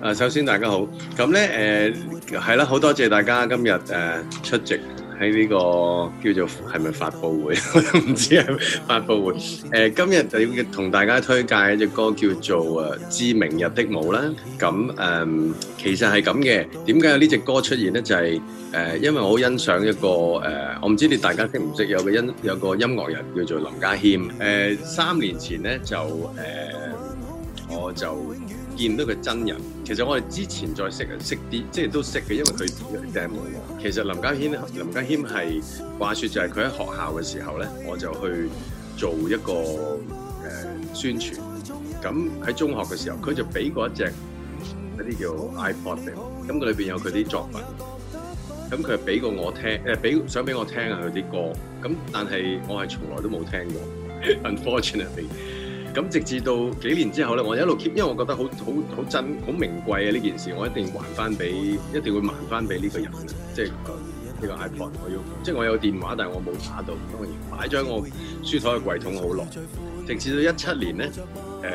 啊，首先大家好，咁咧誒係啦，好多謝大家今日誒出席喺呢個叫做係咪發佈會，我都唔知係咪發佈會。誒，今日就要同大家推介一隻歌叫做《誒知明日的舞》啦。咁誒，其實係咁嘅，點解有呢隻歌出現咧？就係誒，因為我好欣賞一個誒，我唔知你大家識唔識有個音有個音樂人叫做林家謙。誒，三年前咧就誒，我就，見到佢真人，其實我哋之前再識啊識啲，即係都識嘅，因為佢 demo。其實林家謙，林家謙係話說就係佢喺學校嘅時候咧，我就去做一個誒宣傳。咁喺中學嘅時候，佢就俾過一隻一啲叫 iPod 俾我，咁佢裏邊有佢啲作品。咁佢係俾過我聽，誒俾想俾我聽下佢啲歌。咁但係我係從來都冇聽過 ，unfortunately。咁直至到幾年之後咧，我一路 keep，因為我覺得好好好真好名貴啊！呢件事我一定還翻俾，一定會還翻俾呢個人嘅，即係呢、uh, 個 iPad。我要即係我有電話，但係我冇打到，因為擺咗喺我書台嘅櫃桶好耐。直至到一七年咧，誒、呃、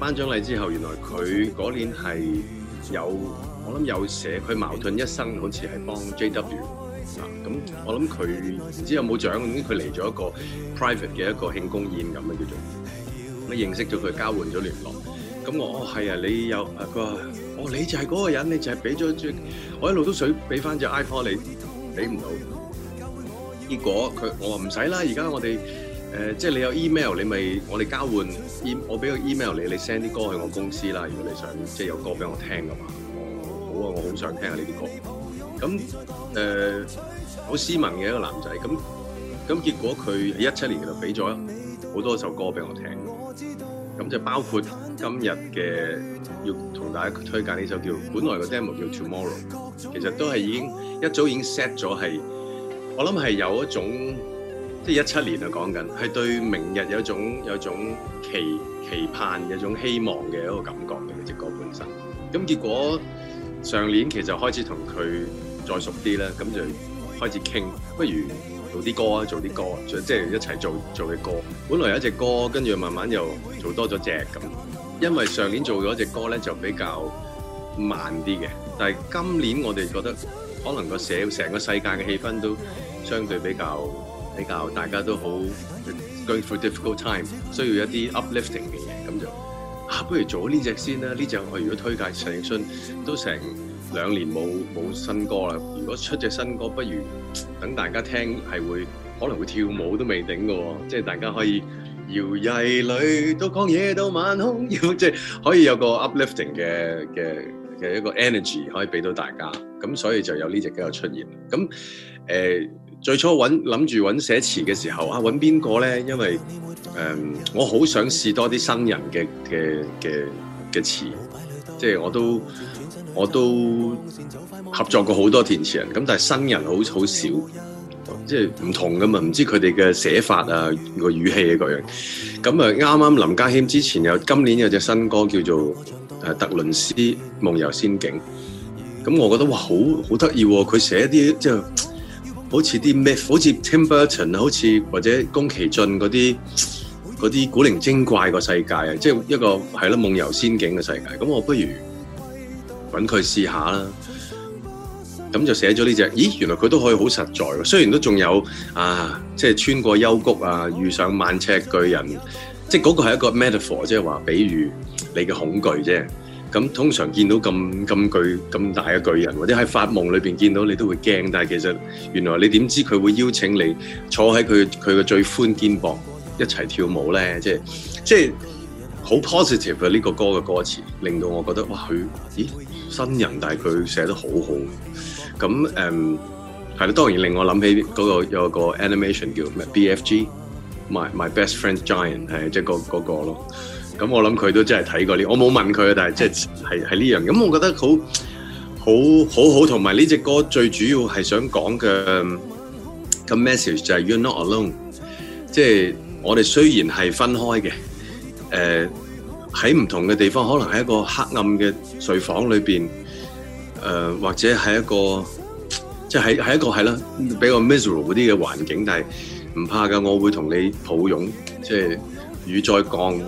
頒獎禮之後，原來佢嗰年係有我諗有寫，佢矛盾一生好似係幫 JW 嗱、啊，咁我諗佢唔知有冇獎，佢嚟咗一個 private 嘅一個慶功宴咁啊叫做。你認識咗佢，交換咗聯絡。咁我哦係啊，你有佢話，哦你就係嗰個人，你就係俾咗一隻我一路都想俾翻隻 iPhone 你，俾唔到。結果佢我話唔使啦，而家我哋誒、呃、即係你有 email，你咪我哋交換 e m 我俾個 email 你，你 send 啲歌去我公司啦。如果你想即係有歌俾我聽嘅話，我、哦、好啊，我好想聽下呢啲歌。咁誒好斯文嘅一個男仔，咁咁結果佢喺一七年就俾咗好多首歌俾我聽。咁就包括今日嘅要同大家推介呢首叫本來個 demo 叫 Tomorrow，其實都係已經一早已經 set 咗係，我諗係有一種即係一七年就講緊，係對明日有一種有一種期期盼，有一種希望嘅一個感覺嘅隻、這個、歌本身。咁結果上年其實開始同佢再熟啲啦，咁就開始傾不如。做啲歌啊，做啲歌，即係一齊做做嘅歌。本來有一隻歌，跟住慢慢又做多咗隻咁。因為上年做咗隻歌咧，就比較慢啲嘅。但係今年我哋覺得可能個社成個世界嘅氣氛都相對比較比較，大家都好 going for difficult time，需要一啲 uplifting 嘅嘢。咁就啊，不如做呢隻先啦。呢隻我如果推介陳奕迅都成。兩年冇冇新歌啦，如果出隻新歌，不如等大家聽，係會可能會跳舞都未定嘅喎，即係大家可以搖曳裏都講嘢到晚空，即 可以有個 uplifting 嘅嘅嘅一個 energy 可以俾到大家，咁所以就有呢隻歌出現。咁、呃、最初揾諗住揾寫詞嘅時候啊，揾邊個咧？因為、呃、我好想試多啲新人嘅嘅嘅嘅詞，即係我都。我都合作過好多填詞人，咁但係新人好好少，即係唔同噶嘛，唔知佢哋嘅寫法啊、個語氣嘅各樣。咁啊啱啱林家謙之前有今年有隻新歌叫做《誒特倫斯夢遊仙境》，咁我覺得哇好好得意喎！佢寫啲即係好似啲咩，好似 Tim Burton 好似或者宮崎駿嗰啲嗰啲古靈精怪個世界啊，即係一個係咯夢遊仙境嘅世界。咁我不如。揾佢試下啦，咁就寫咗呢隻。咦，原來佢都可以好實在喎。雖然都仲有啊，即係穿過幽谷啊，遇上萬尺巨人，即係嗰個係一個 metaphor，即係話比喻你嘅恐懼啫。咁通常見到咁咁巨咁大嘅巨人，或者喺發夢裏面見到你都會驚，但係其實原來你點知佢會邀請你坐喺佢佢嘅最寬肩膀一齊跳舞咧？即係即係。好 positive 嘅呢個歌嘅歌詞，令到我覺得哇，佢咦新人，但係佢寫得好好。咁誒係啦，當然令我諗起嗰、那個有個 animation 叫咩 BFG，My My Best Friend Giant，係即係嗰嗰個咯。咁、那個、我諗佢都真係睇過呢、這個，我冇問佢啊，但係即係係呢樣。咁、這個、我覺得好好好好，同埋呢隻歌最主要係想講嘅個 message 就係 You're Not Alone，即係我哋雖然係分開嘅。誒、呃，喺唔同嘅地方，可能喺一個黑暗嘅睡房裏邊，誒、呃，或者係一個，即係喺喺一個係啦，比較 miserable 啲嘅環境，但係唔怕噶，我會同你抱擁，即係雨再降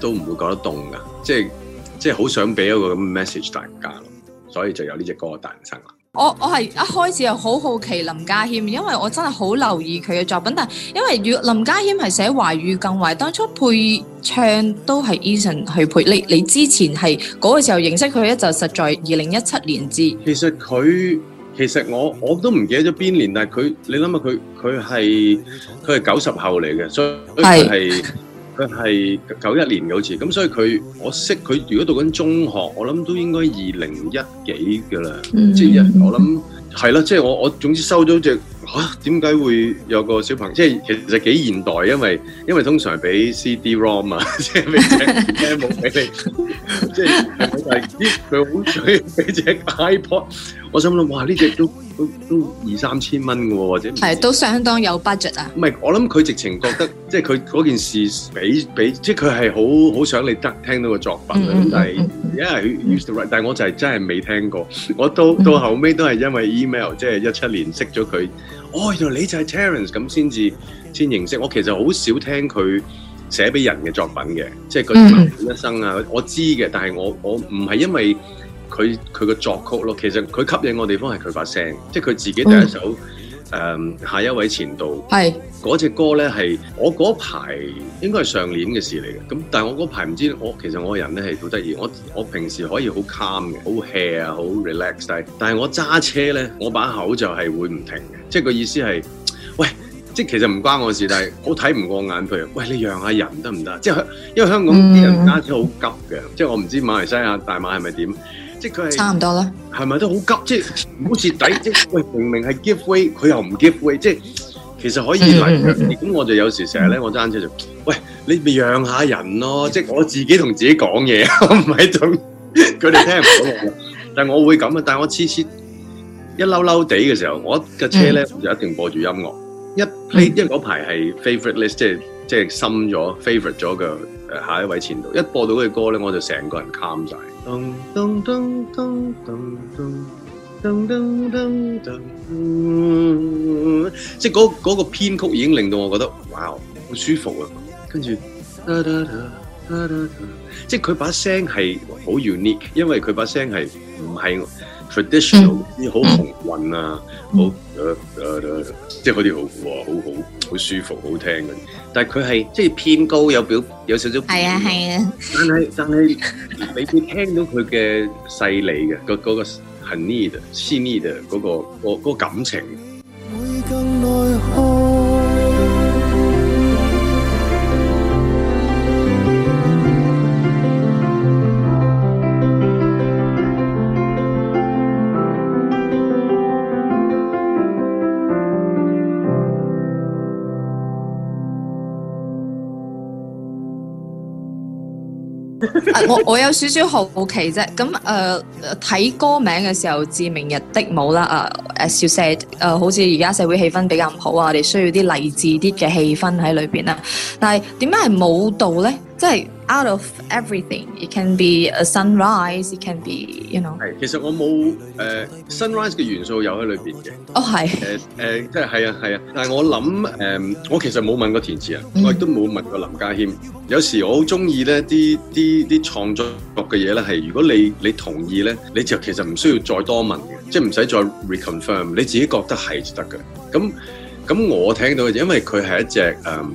都唔會覺得凍噶，即係即係好想俾一個咁嘅 message 大家咯，所以就有呢隻歌誕生啦。我我係一開始係好好奇林家謙，因為我真係好留意佢嘅作品。但係因為林家謙係寫華語更華，當初配唱都係 Eason 去配。你你之前係嗰個時候認識佢咧？就實在二零一七年至其。其實佢其實我我都唔記得咗邊年，但係佢你諗下佢佢係佢係九十後嚟嘅，所以佢係。是佢係九一年嘅好似，咁所以佢我識佢，如果讀緊中學，我諗都應該二零一幾㗎喇。即係我諗係啦，即係我我總之收咗隻吓，點解會有個小朋友？即係其實幾現代，因為因為通常俾 CD ROM 啊，即係俾，即係冇俾你，即係。係，佢好中意俾隻 iPod，我想諗，哇！呢隻都都都二三千蚊嘅喎，或者係都相當有 budget 啊。唔係，我諗佢直情覺得，即係佢嗰件事俾俾，即係佢係好好想你得聽到個作品。但係因為 used to write，但係我就係真係未聽過。我到到後尾都係因為 email，即係一七年識咗佢。哦，原來你就係 Terence，咁先至先認識。我其實好少聽佢。寫俾人嘅作品嘅，即係佢一,一生啊，mm-hmm. 我知嘅，但係我我唔係因為佢佢個作曲咯，其實佢吸引我的地方係佢把聲，即係佢自己第一首誒、mm-hmm. 嗯，下一位前度係嗰隻歌咧，係我嗰排應該係上年嘅事嚟嘅，咁但係我嗰排唔知道，我其實我個人咧係好得意，我我平時可以好 calm 嘅，好 hea 啊，好 relax 低，但係我揸車咧，我把口就係會唔停嘅，即係個意思係。即係其實唔關我事，但係我睇唔過眼。譬如，喂，你讓下人得唔得？即係因為香港啲人揸車好急嘅，即係我唔知馬來西亞、大馬係咪點，即係佢係差唔多啦。係咪都好急？即係唔好蝕底。即喂，明明係 give way，佢又唔 give way 即。即係其實可以嚟咁、嗯、我就有時成日咧，我揸、嗯、車就喂你、啊，咪讓下人咯。即係我自己同自己講嘢，唔係咁佢哋聽唔到 但係我會咁啊！但係我次次一嬲嬲地嘅時候，我嘅車咧、嗯、就一定播住音樂。一呢一嗰排係 favorite list，即係即係深咗 favorite 咗嘅下一位前度，一播到佢隻歌咧，我就成個人 come 曬 即係嗰嗰個編曲已經令到我覺得哇，好舒服啊！跟住，即係佢把聲係好 unique，因為佢把聲係唔係。traditional 啲好宏韻啊，好誒誒，即係好似好好好好舒服好聽，嘅，但係佢係即係偏高有表有少少，係啊係啊，但係，但係你會聽到佢嘅細膩嘅嗰嗰個 honey 的 sweet 的嗰個嗰嗰、嗰個感情。我有少少好奇啫，咁誒睇歌名嘅時候，《致明日的舞》啦、呃，誒 as you said，誒、呃，好似而家社會氣氛比較唔好啊，你需要啲勵志啲嘅氣氛喺裏面啦。但係點解係舞蹈咧？即係。Out of everything, it can be a sunrise. It can be, you know。係，其實我冇誒、呃、sunrise 嘅元素有喺裏邊嘅。哦、oh，係、呃。誒、呃、誒，即係係啊係啊，啊，但係我諗誒、呃，我其實冇問過填詞人，mm. 我亦都冇問過林家謙。有時候我好中意咧，啲啲啲創作嘅嘢咧，係如果你你同意咧，你就其實唔需要再多問嘅，即係唔使再 reconfirm，你自己覺得係就得嘅。咁咁，咁我聽到，嘅，因為佢係一隻誒。嗯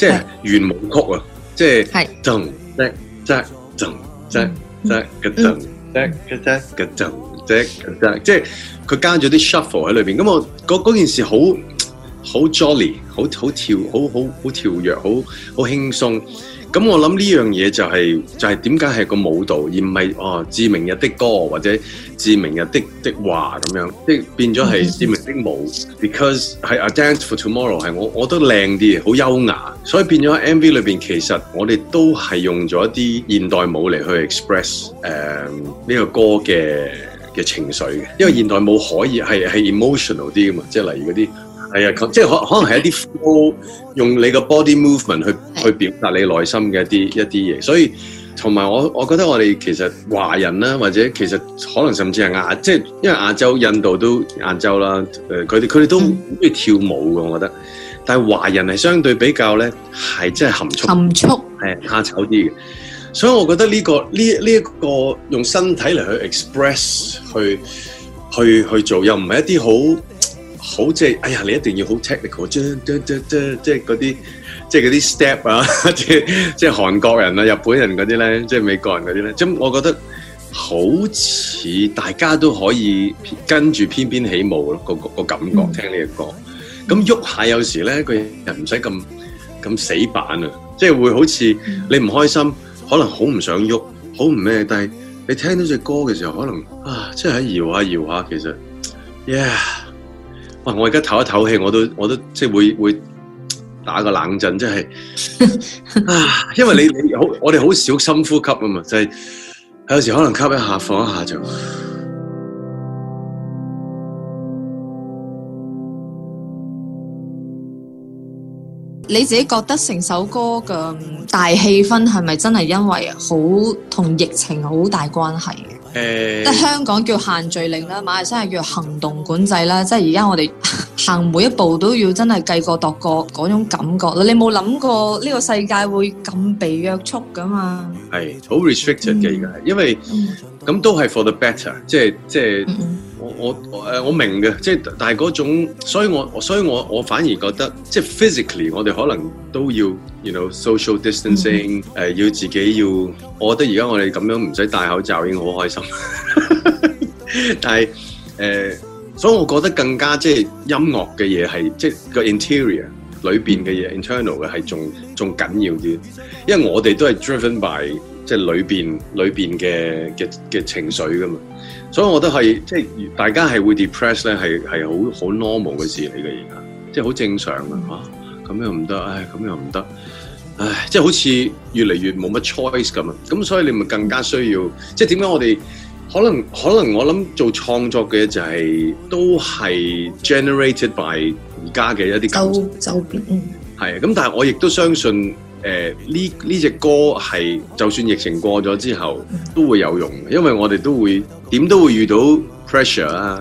即係圓舞曲啊！即係噔噔噔噔噔噔噔噔噔，即係佢加咗啲 shuffle 喺裏邊，咁我嗰件事好好 jolly，好好跳，好好好跳躍，好好輕鬆。咁我諗呢樣嘢就係、是、就係點解係個舞蹈而唔係哦《致明日的歌》或者《致明日的的話》咁樣，即變咗係《致明的舞》 ，because 係《A Dance for Tomorrow》係我我覺得靚啲，好優雅，所以變咗 MV 裏邊其實我哋都係用咗一啲現代舞嚟去 express 誒、呃、呢、呢個歌嘅嘅情緒嘅，因為現代舞可以係係 emotional 啲噶嘛，即、就、係、是、例如嗰啲。係啊，即係可可能係一啲 flow，用你個 body movement 去去表達你內心嘅一啲一啲嘢。所以同埋我，我覺得我哋其實華人啦，或者其實可能甚至係亞，即係因為亞洲、印度都亞洲啦。誒，佢哋佢哋都中意跳舞嘅，我覺得。嗯、但係華人係相對比較咧，係真係含蓄，含蓄係怕醜啲嘅。所以我覺得呢、呢個呢呢一個、呢個、用身體嚟去 express，去去去做，又唔係一啲好。好即係、即係，哎呀！你一定要好 technical，將即將即係嗰啲，即係嗰啲 step 啊，即係韓國人啊、日本人嗰啲咧，即係美國人嗰啲咧。咁我覺得好似大家都可以跟住翩翩起舞咯，個個感覺聽呢個歌。咁喐下有時咧，佢人唔使咁咁死板啊，即係會好似你唔開心，可能好唔想喐，好唔咩，但係你聽到隻歌嘅時候，可能啊，即係喺搖下搖下，其實，yeah。我而家唞一唞氣，我都我都即係會會打個冷震，即係，啊！ 因為你你好，我哋好少深呼吸啊嘛，就係、是、有時可能吸一下，放一下就。你自己覺得成首歌嘅大氣氛，係咪真係因為好同疫情好大關係嘅？Uh, 香港叫限聚令啦，馬來西亞叫行動管制啦，即係而家我哋行每一步都要真係計過度過嗰種感覺啦。你冇諗過呢個世界會咁被約束㗎嘛？係好 restricted 嘅而家，因為咁、嗯、都係 for the better，即係即係我我誒我明嘅，即、就、係、是、但係嗰種，所以我所以我我反而覺得即係、就是、physically 我哋可能都要。you know social distancing，誒、mm-hmm. 呃、要自己要，我覺得而家我哋咁樣唔使戴口罩已經好開心， 但係誒、呃，所以我覺得更加即係音樂嘅嘢係即係個 interior 裏邊嘅嘢，internal 嘅係仲仲緊要啲，因為我哋都係 driven by 即係裏邊裏邊嘅嘅嘅情緒㗎嘛，所以我都係即係大家係會 depress 咧係係好好 normal 嘅事嚟嘅而家，即係好正常㗎吓。Mm-hmm. 啊咁又唔得，唉，咁又唔得，唉，即係好似越嚟越冇乜 choice 咁啊！咁所以你咪更加需要，即係點解我哋可能可能我諗做創作嘅就係、是、都係 generated by 而家嘅一啲周周邊，係咁，但係我亦都相信，誒、呃，呢呢隻歌係就算疫情過咗之後都會有用，因為我哋都會點都會遇到 pressure 啊，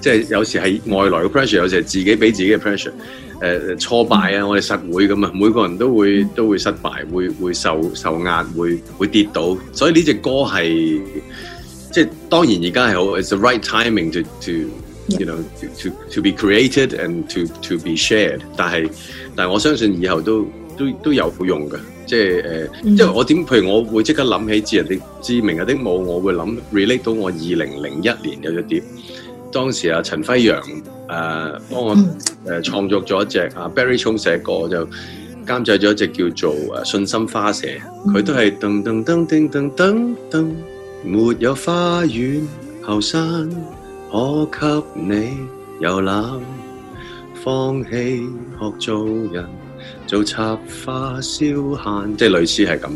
即係有時係外來嘅 pressure，有時係自己俾自己嘅 pressure。誒、呃、挫敗啊！我哋實會咁啊，每個人都會都會失敗，會會受受壓，會會跌倒。所以呢隻歌係即係當然而家係好，It's the right timing to to you know to to, to be created and to to be shared 但。但係但係我相信以後都都都有好用嘅。即係誒，因、呃、為、mm-hmm。我點？譬如我會即刻諗起啲知名嘅啲舞，我會諗 Relate 到我二零零一年有一點。當時啊，陳輝陽、呃、幫我創作咗一隻啊，Barry Chong 寫過就監製咗一隻叫做誒信心花蛇，佢都係噔噔噔叮噔噔噔，噔，噔，噔，噔噔噔，沒有花園後山可給你遊覽，放棄學做人，做插花消閒，即係類似係咁，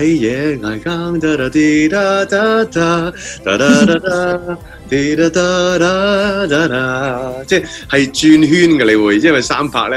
抵夜捱更，噠噠滴噠噠噠噠噠噠。Da da da da da, 即係轉圈嘅你會，因為三拍呢。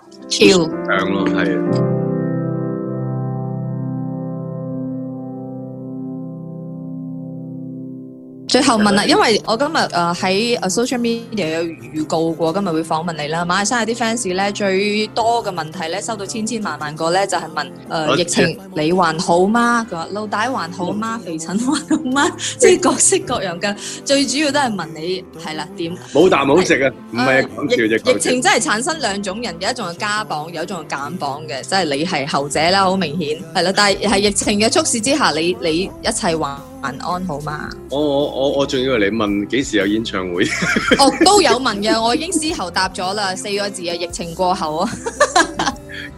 超咯，係。最後問啦，因為我今日誒喺 social media 有預告過，今日會訪問你啦。馬來西亞啲 fans 咧，最多嘅問題呢，收到千千萬萬個呢，就係、是、問誒、呃、疫情你還好嗎？佢話老帶還好嗎？肥襯還好嗎？即、就、係、是、各式各樣㗎。最主要都係問你係啦點。冇啖好食啊！唔係講笑，呃、疫疫情真係產生兩種人，有一種係加磅，有一種係減磅嘅，即、就、係、是、你係後者啦，好明顯係啦。但係係疫情嘅促使之下，你你一切話。晚安好嘛？我我我我仲以為你問幾時有演唱會？ 哦，都有問嘅，我已經絲喉答咗啦，四個字啊，疫情過後啊。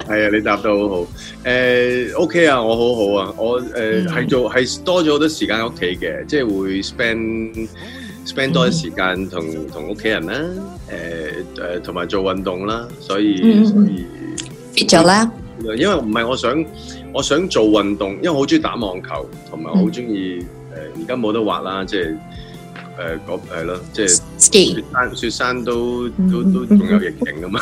係 啊，你答得好好。誒、uh,，OK 啊，我好好啊，我誒係做係、mm-hmm. 多咗好多時間喺屋企嘅，即、就、係、是、會 spend spend 多啲時間同同屋企人啦。誒誒，同埋做運動啦，所以、mm-hmm. 所以。繼咗啦。因為唔係我想，我想做運動，因為我好中意打網球，同埋我好中意誒，而家冇得滑啦，即係誒嗰係咯，即係雪山雪山都、嗯、都都仲有疫情噶嘛，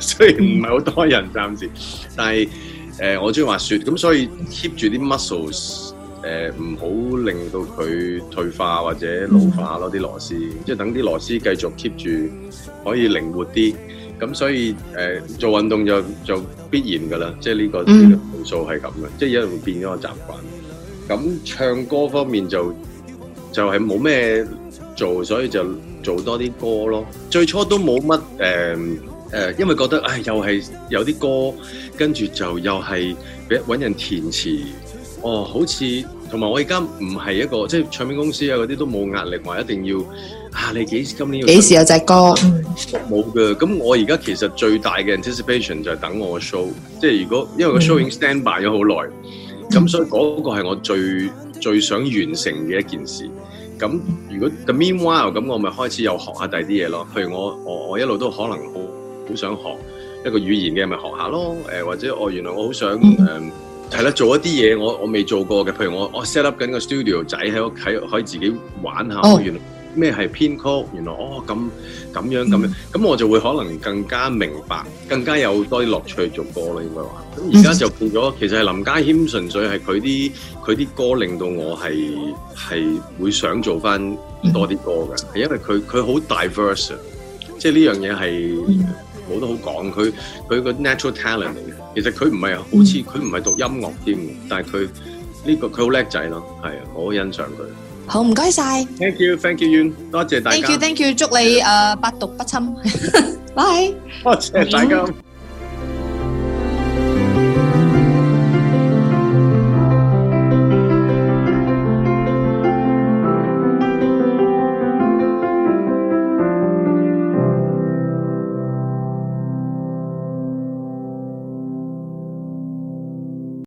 雖然唔係好多人，暫時，但係誒我中意滑雪，咁所以 keep 住啲 muscles 誒、呃，唔好令到佢退化或者老化咯，啲、嗯、螺絲，即係等啲螺絲繼續 keep 住可以靈活啲。咁所以誒做運動就就必然嘅啦，即係呢個步數係咁嘅，即係一路變咗個習慣。咁唱歌方面，就就係冇咩做，所以就做多啲歌咯。最初都冇乜誒、誒，因為覺得唉，又係有啲歌，跟住就又係揾人填詞，哦，好似～同埋我而家唔係一個即係唱片公司啊，嗰啲都冇壓力，話一定要啊你幾今年要幾時有隻歌冇嘅，咁我而家其實最大嘅 anticipation 就係等我個 show，即係如果因為個 show 已經 stand by 咗好耐，咁、嗯、所以嗰個係我最、嗯、最想完成嘅一件事。咁如果咁 meanwhile 咁我咪開始又學下第二啲嘢咯，譬如我我我一路都可能好好想學一個語言嘅咪學下咯，誒或者我原來我好想誒。嗯係啦，做一啲嘢我我未做過嘅，譬如我我 set up 緊個 studio 仔喺屋企，可以自己玩下。Oh。原來咩係編曲，Pinko，原來哦咁咁樣咁樣，咁我就會可能更加明白，更加有多啲樂趣去做歌咯，應該話。咁而家就變咗，其實係林家謙純粹係佢啲佢啲歌令到我係係會想做翻多啲歌嘅，係因為佢佢好 diverse，即係呢樣嘢係。我冇得好講，佢個 natural talent 嚟嘅。其實佢唔係好似佢唔係讀音樂添，但係佢呢個佢好叻仔咯，係啊，我好欣賞佢。好唔該曬，thank you，thank you you，多謝大家。thank you，thank you，祝你誒百毒不侵。bye，多謝大家。